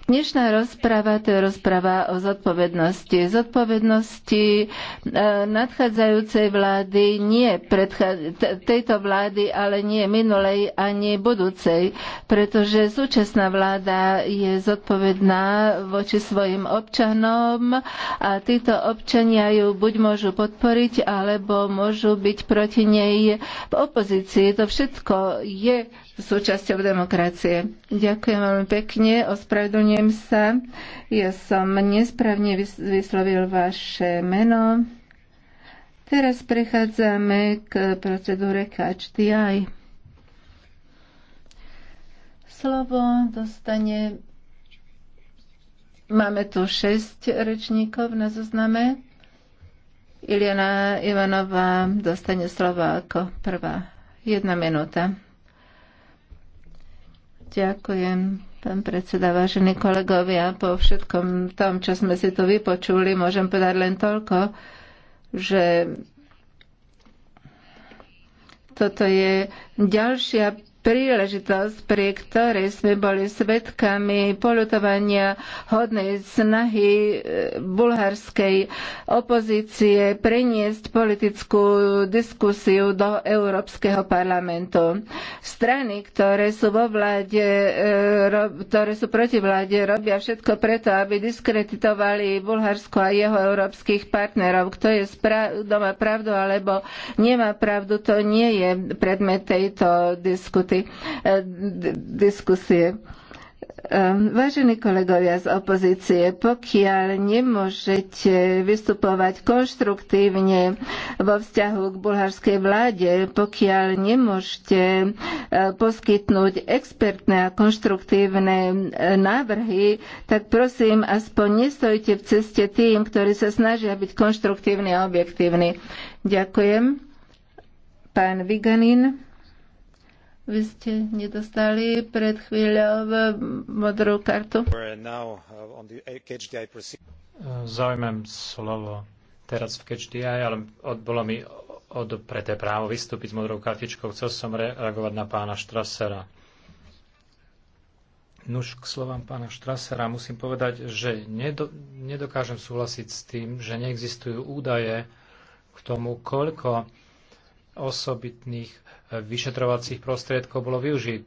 Dnešná rozpráva to je rozpráva o zodpovednosti. Zodpovednosti e, nadchádzajúcej vlády, nie predchá... tejto vlády, ale nie minulej ani budúcej, pretože súčasná vláda je zodpovedná voči svojim občanom a títo občania ju buď môžu podporiť, alebo môžu byť proti nej v opozícii. To všetko je súčasťou demokracie. Ďakujem veľmi pekne, ospravedlňujem sa. Ja som nesprávne vyslovil vaše meno. Teraz prechádzame k procedúre Catch Slovo dostane... Máme tu šesť rečníkov na zozname. Iliana Ivanová dostane slovo ako prvá. Jedna minúta. Ďakujem, pán predseda, vážení kolegovia. Po všetkom tom, čo sme si tu vypočuli, môžem povedať len toľko, že toto je ďalšia príležitosť, pri ktorej sme boli svedkami polutovania hodnej snahy e, bulharskej opozície preniesť politickú diskusiu do Európskeho parlamentu. Strany, ktoré sú vo vláde, e, ktoré sú proti vláde, robia všetko preto, aby diskreditovali Bulharsko a jeho európskych partnerov. Kto je doma pravdu alebo nemá pravdu, to nie je predmet tejto diskusie minuty e, diskusie. E, vážení kolegovia z opozície, pokiaľ nemôžete vystupovať konštruktívne vo vzťahu k bulharskej vláde, pokiaľ nemôžete e, poskytnúť expertné a konštruktívne návrhy, tak prosím, aspoň nestojte v ceste tým, ktorí sa snažia byť konštruktívni a objektívni. Ďakujem. Pán Viganin. Vy ste nedostali pred chvíľou eh, modrú kartu. Eh, eh, zaujímam slovo teraz v KDI, ale od, bolo mi odopreté právo vystúpiť s modrou kartičkou. Chcel som reagovať na pána Štrasera. Nuž k slovám pána Štrasera musím povedať, že nedo, nedokážem súhlasiť s tým, že neexistujú údaje k tomu, koľko osobitných e, vyšetrovacích prostriedkov bolo využiť.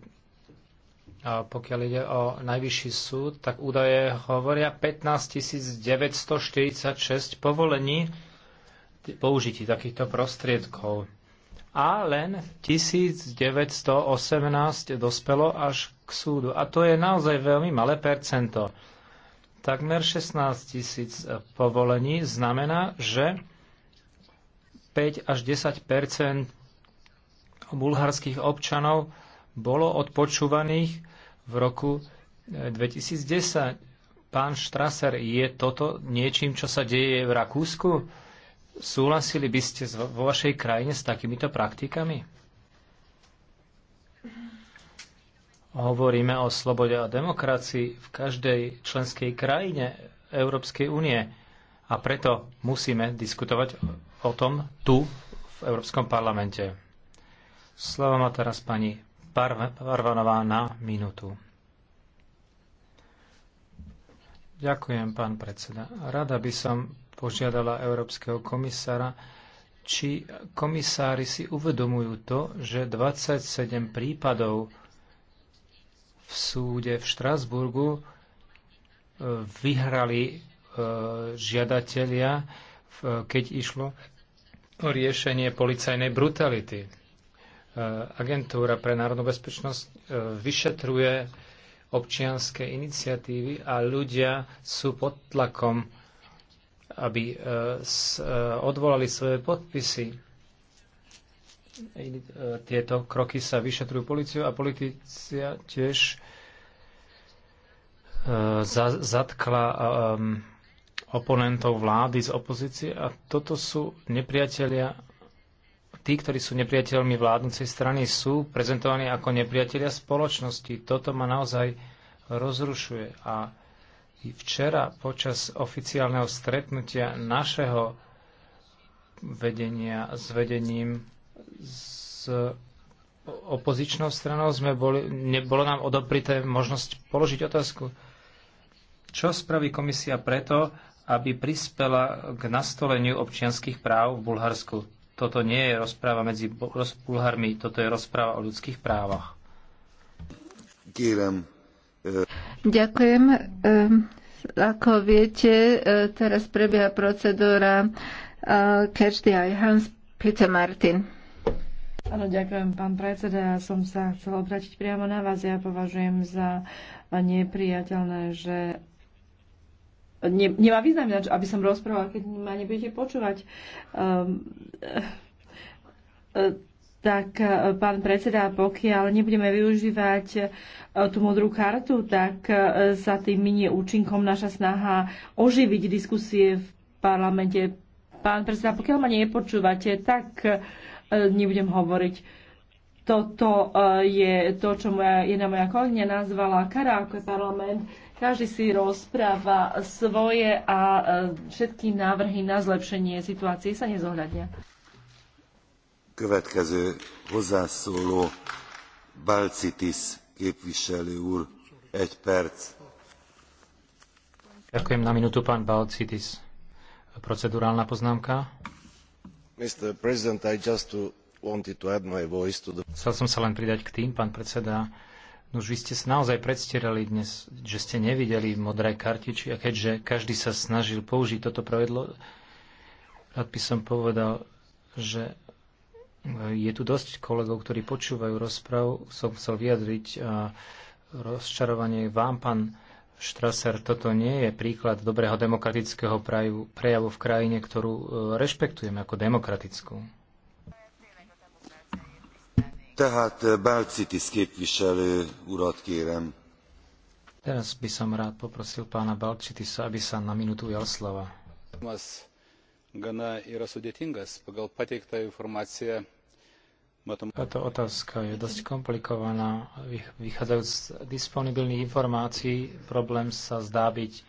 A pokiaľ ide o najvyšší súd, tak údaje hovoria 15 946 povolení použití takýchto prostriedkov. A len 1918 dospelo až k súdu. A to je naozaj veľmi malé percento. Takmer 16 tisíc e, povolení znamená, že 5 až 10 bulharských občanov bolo odpočúvaných v roku 2010. E, Pán Štraser, je toto niečím, čo sa deje v Rakúsku? Súhlasili by ste vo vašej krajine s takýmito praktikami? Hovoríme o slobode a demokracii v každej členskej krajine Európskej únie a preto musíme diskutovať o tom tu v Európskom parlamente. Slovo má teraz pani Parvanová na minútu. Ďakujem, pán predseda. Rada by som požiadala Európskeho komisára, či komisári si uvedomujú to, že 27 prípadov v súde v Štrasburgu e, vyhrali e, žiadatelia, keď išlo riešenie policajnej brutality. E, agentúra pre národnú bezpečnosť e, vyšetruje občianské iniciatívy a ľudia sú pod tlakom, aby e, odvolali svoje podpisy. Tieto kroky sa vyšetrujú policiu a policia tiež zatkla oponentov vlády z opozície a toto sú nepriatelia tí, ktorí sú nepriateľmi vládnucej strany, sú prezentovaní ako nepriatelia spoločnosti. Toto ma naozaj rozrušuje. A včera počas oficiálneho stretnutia našeho vedenia s vedením s opozičnou stranou sme boli, nebolo nám odoprité možnosť položiť otázku, čo spraví komisia preto, aby prispela k nastoleniu občianských práv v Bulharsku. Toto nie je rozpráva medzi Bulharmi, toto je rozpráva o ľudských právach. E, ďakujem. Ako viete, e, teraz prebieha procedúra e, Catch the Eye. Hans Peter Martin. Áno, ďakujem, pán predseda. Ja som sa chcel obrátiť priamo na vás. Ja považujem za nepriateľné, že ne, nemá význam, aby som rozprávala, keď ma nebudete počúvať. Um, tak eh, pán predseda, pokiaľ nebudeme využívať tú modrú kartu, tak sa tým minie účinkom naša snaha oživiť diskusie v parlamente. Pán predseda, pokiaľ ma nepočúvate, tak nebudem hovoriť. Toto je to, čo moja, jedna moja kolegyňa nazvala karáko parlament každý si rozpráva svoje a e, všetky návrhy na zlepšenie situácie sa nezohľadia. Következő hozzászóló Balcitis képviselő úr, egy perc. Ďakujem na minútu, pán Balcitis. Procedurálna poznámka. Mr. President, I just wanted to add my voice to the... Chcel som sa len pridať k tým, pán predseda, No už vy ste sa naozaj predstierali dnes, že ste nevideli modré kartiči a keďže každý sa snažil použiť toto pravidlo, rád by som povedal, že eh, je tu dosť kolegov, ktorí počúvajú rozprávu, Som chcel vyjadriť eh, rozčarovanie vám, pán Štraser, toto nie je príklad dobrého demokratického prejavu v krajine, ktorú eh, rešpektujeme ako demokratickú. Tehát eh, Balcitis képviselő urat kérem. Teraz by som rád poprosil pána Balčitisa, aby sa na minútu ujal slova. Táto otázka je dosť komplikovaná. Vychádzajúc z disponibilných informácií, problém sa zdá byť eh,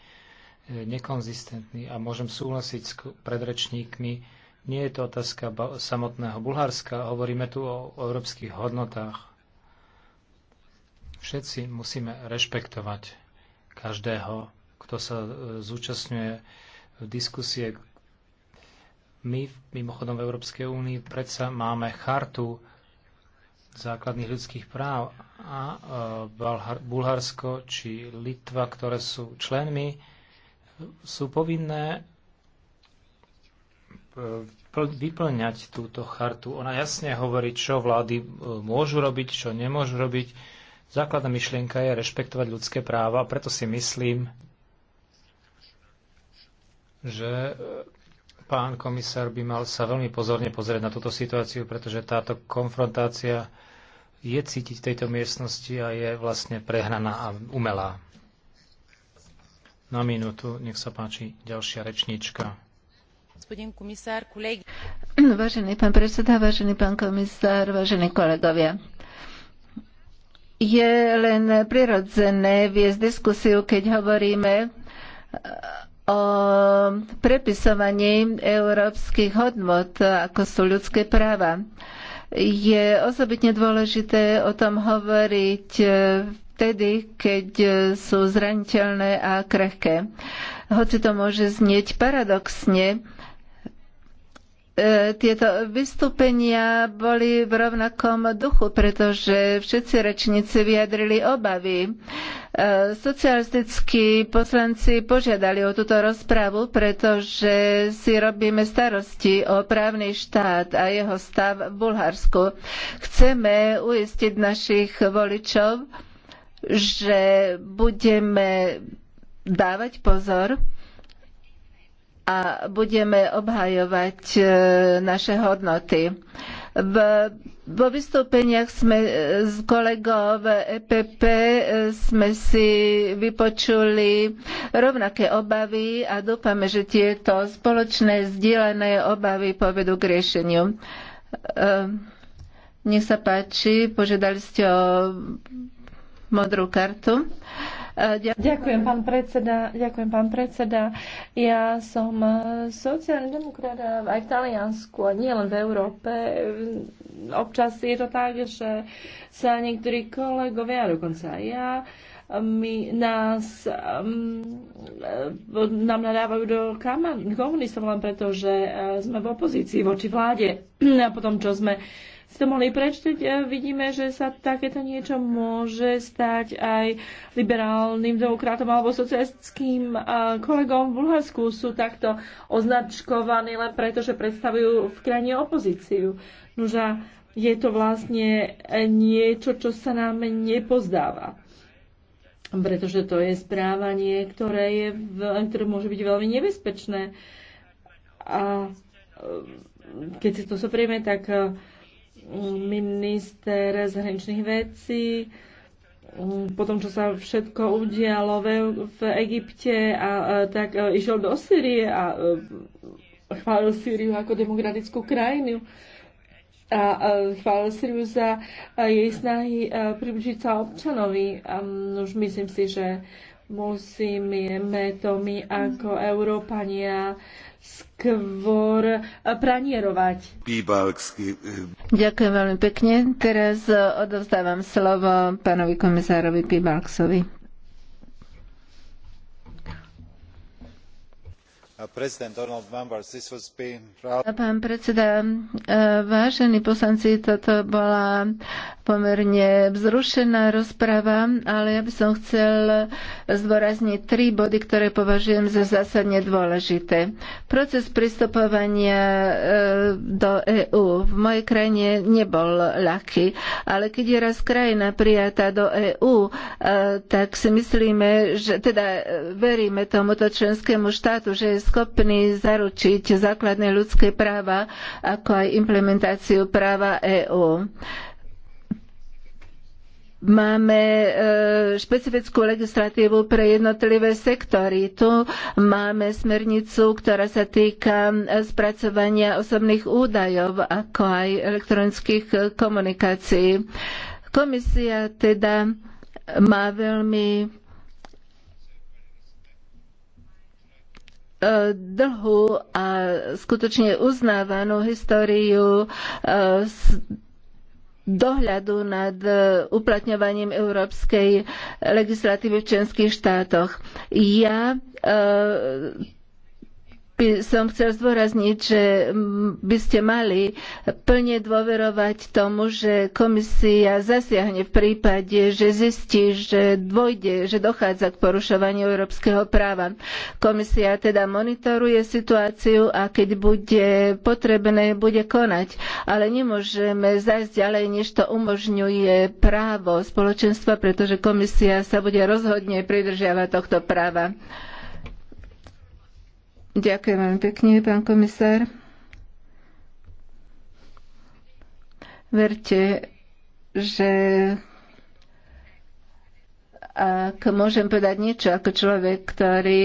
nekonzistentný a môžem súhlasiť s predrečníkmi, nie je to otázka samotného Bulharska, hovoríme tu o európskych hodnotách. Všetci musíme rešpektovať každého, kto sa e, zúčastňuje v diskusie. My, mimochodom v Európskej únii, predsa máme chartu základných ľudských práv a e, Bulharsko či Litva, ktoré sú členmi, sú povinné vyplňať túto chartu. Ona jasne hovorí, čo vlády e, môžu robiť, čo nemôžu robiť. Základná myšlienka je rešpektovať ľudské práva, preto si myslím, že e, pán komisár by mal sa veľmi pozorne pozrieť na túto situáciu, pretože táto konfrontácia je cítiť v tejto miestnosti a je vlastne prehnaná a umelá. Na minútu, nech sa páči, ďalšia rečníčka. Vážený pán predseda, vážený pán komisár, vážení kolegovia. Je len prirodzené viesť diskusiu, keď hovoríme o prepisovaní európskych hodnot, ako sú ľudské práva. Je osobitne dôležité o tom hovoriť vtedy, keď sú zraniteľné a krehké. Hoci to môže znieť paradoxne, E, tieto vystúpenia boli v rovnakom duchu, pretože všetci rečníci vyjadrili obavy. E, socialistickí poslanci požiadali o túto rozpravu, pretože si robíme starosti o právny štát a jeho stav v Bulharsku. Chceme uistiť našich voličov, že budeme dávať pozor a budeme obhajovať e, naše hodnoty. V, vo vystúpeniach sme e, s kolegov EPP e, sme si vypočuli rovnaké obavy a dúfame, že tieto spoločné zdieľané obavy povedú k riešeniu. Nech sa páči, požiadali ste o modrú kartu. Ďakujem, pán predseda. Ďakujem, pán predseda. Ja som sociálny demokrat aj v Taliansku a nie len v Európe. Občas je to tak, že sa niektorí kolegovia, dokonca aj ja, my, nás, um, nám nadávajú do komunistov len preto, že uh, sme v opozícii voči vláde <clears throat> a potom, čo sme uh, si to mohli prečtať, e, vidíme, že sa takéto niečo môže stať aj liberálnym demokratom alebo socialistickým e, kolegom v Bulharsku. Sú takto označkovaní len preto, že predstavujú v krajine opozíciu. Nože je to vlastne niečo, čo sa nám nepozdáva pretože to je správanie, ktoré, je, v ktoré môže byť veľmi nebezpečné. A e, keď si to soprieme, tak uh, minister zahraničných vecí, po tom, čo sa všetko udialo v, v Egypte, a, e, tak e, išiel do Sýrie a e, chválil Sýriu ako demokratickú krajinu a chválil Syriu za jej snahy približiť sa občanovi. A už myslím si, že musíme to my ako Európania skôr pranierovať. Eh, Ďakujem veľmi pekne. Teraz eh, odovzdávam slovo pánovi komisárovi Pibalksovi. Uh, pán predseda, uh, vážení poslanci, toto bola pomerne vzrušená rozprava, ale ja by som chcel zdôrazniť tri body, ktoré považujem za zásadne dôležité. Proces pristupovania uh, do EÚ v mojej krajine nebol ľahký, ale keď je raz krajina prijatá do EÚ, tak si myslíme, že teda veríme tomuto členskému štátu, že je schopní zaručiť základné ľudské práva, ako aj implementáciu práva EÚ máme e, špecifickú legislatívu pre jednotlivé sektory. Tu máme smernicu, ktorá sa týka e, spracovania osobných údajov, ako aj elektronických e, komunikácií. Komisia teda má veľmi E, dlhú a skutočne uznávanú históriu e, dohľadu nad uplatňovaním európskej legislatívy v členských štátoch. Ja e, by som chcel zdôrazniť, že by ste mali plne dôverovať tomu, že komisia zasiahne v prípade, že zistí, že dôjde, že dochádza k porušovaniu európskeho práva. Komisia teda monitoruje situáciu a keď bude potrebné, bude konať. Ale nemôžeme zajsť ďalej, než to umožňuje právo spoločenstva, pretože komisia sa bude rozhodne pridržiavať tohto práva. Ďakujem veľmi pekne, pán komisár. Verte, že ak môžem povedať niečo ako človek, ktorý